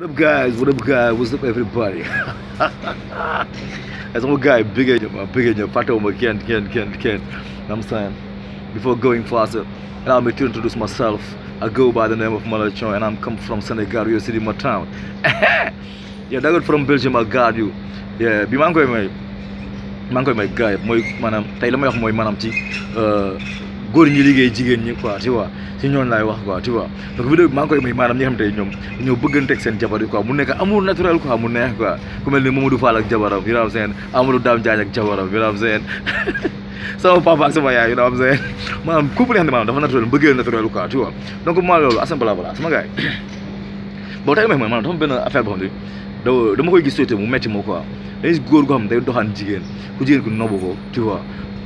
What up guys, what up guys, what's up everybody? As one guy bigger bigger than Fatoma can can can can. I'm saying before going faster, allow me to introduce myself. I go by the name of Malachon and I'm come from Senegal, your city, my town. yeah, that got from Belgium, I got you. Yeah, be man my man my guy. My man, manam tay lamay my man, I'm euh góor ñi liggéey jigéen ñi quoi tu vois si ñoon laay wax quoi tu vois donc vidéo bi maa ngi koy may maanaam ñi nga xam te ñoom ñoo bëgganteeg seen jabar yi quoi mu nekk amour naturel quoi mu neex quoi ku mel ni Mamadou Fall ak jabaram you know what I'm saying Amadou Dame Diagne ak jabaram you know what I'm saying sama papa ak sama yaay you know what I'm saying maanaam couple yi nga xam ne maanaam dafa naturel bëggeel naturel quoi tu vois donc maa loolu asan bala bala sama gars yi boo tey may mooy maanaam dafa benn affaire boo xam ne da dama koy gis société mu metti moo quoi dañuy góor goo xam ne day doxaan jigéen ku jigéen ku nobu ko tu vois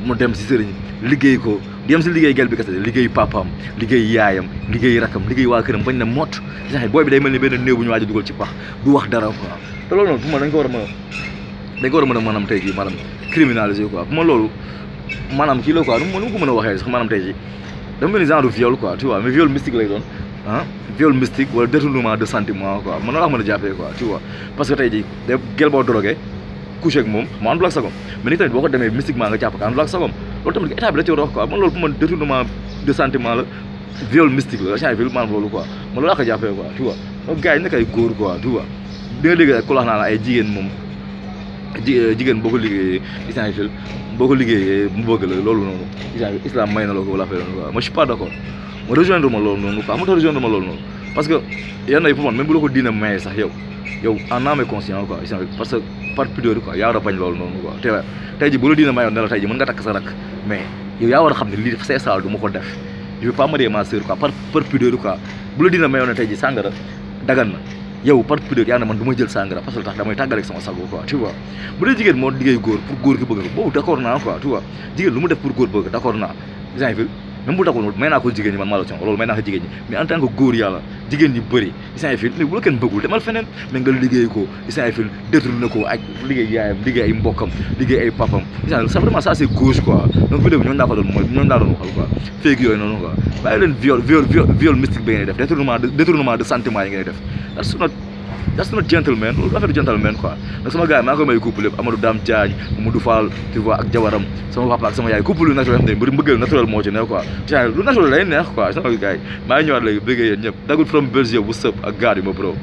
mu dem si sëriñ liggéey ko du yem si liggéey gel bi kese liggéey papaam liggéey yaayam liggéey rakam liggéey waa këram bañ na mott sax booy bi day mel ni benn néew bu ñu waaj a dugal ci pax du wax dara quoi te loolu noonu pour man dañ ko war a mën a dañ ko war a mën a maanaam tey jii maanaam criminaliser quoi pour man loolu maanaam kii la quoi nu mu ko mën a waxee sax maanaam tey jii dafa mel ni genre viol quoi tu vois mais viol mystique lay doon ah viol mystique wala détournement de sentiment quoi man noonu laa mën a jàppee quoi tu vois parce que tey jii day gel boo drogué couché ak moom mu àndul ak sagom mais ni tamit boo ko demee mystiquement nga jàpp ko àndul ak sagom loolu tamit état bi da ci war a wax quoi man loolu pour man détournement de sentiment la viol mystique la change viol maanaam loolu quoi man loolu laa ko jàppee quoi tu vois donc gars yi nekk ay tu vois di nga dégg la wax naan ay jigéen moom Eh, jigéen boo ko liggéeyee islam fil boo ko liggéeyee mu bëgg la loolu noonu islam may na la ko wala affaire noonu quoi ma rejoindre ma ma tax ma loolu noonu parce que yenn yi pour man même bu ko diine maye sax yow yow en âme et conscience quoi islam parce que par pudeur quoi yaa war loolu noonu quoi te tey ji bu la diine mayoon ne la tey ji mën nga takk sa rakk mais yow yaa war a xam ne lii c'est ça du ma ko def je veux pas marier ma sœur quoi par par pudeur quoi bu la diine mayoon ne tey ji sàngara dagan na yow par pudeur yaa ne man du may jël sangara parce que tax damay tàggaleeg sama sago quoi tu vois bu dee jigéen moo liggéey góor pour góor gi bëgg ko boobu d' accord naa quoi tu vois lu mu def pour góor bëgg d' accord naa même bu taxul may naa ko jigéen ñi man maa la ci loolu may naa ko jigéen ñi mais en tant que góor yàlla jigéen ñi bëri isant fil léegi bu la kenn bëggul feneen mais nga liggéey ko isant yi fil détourné ko liggéey yaayam liggéey ay mbokam liggéey ay papam isant ça vraiment ça c'est gauche quoi donc vidéo bi ñoom daa ko doon mooy ñoom daa doon waxal quoi féegi yooyu noonu quoi bàyyi leen viol viol viol mystique def détournement de détournement de sentiment yi ngeen def that's not that's not gentleman loolu affaire gentleman quoi nag sama gars yi maa ngi koy may couple yëpp Amadou Dame Diagne Modou Fall tu vois ak jawaram sama papa ak sama yaay couple lu naturel xam ne mbir mbëggeel naturel moo ci neex lu naturel lay neex quoi sama gars yi maa ngi ñëwaat léegi bëggee yéen ñëpp dagul from Belgique bu sëb ak gaar yi ma bro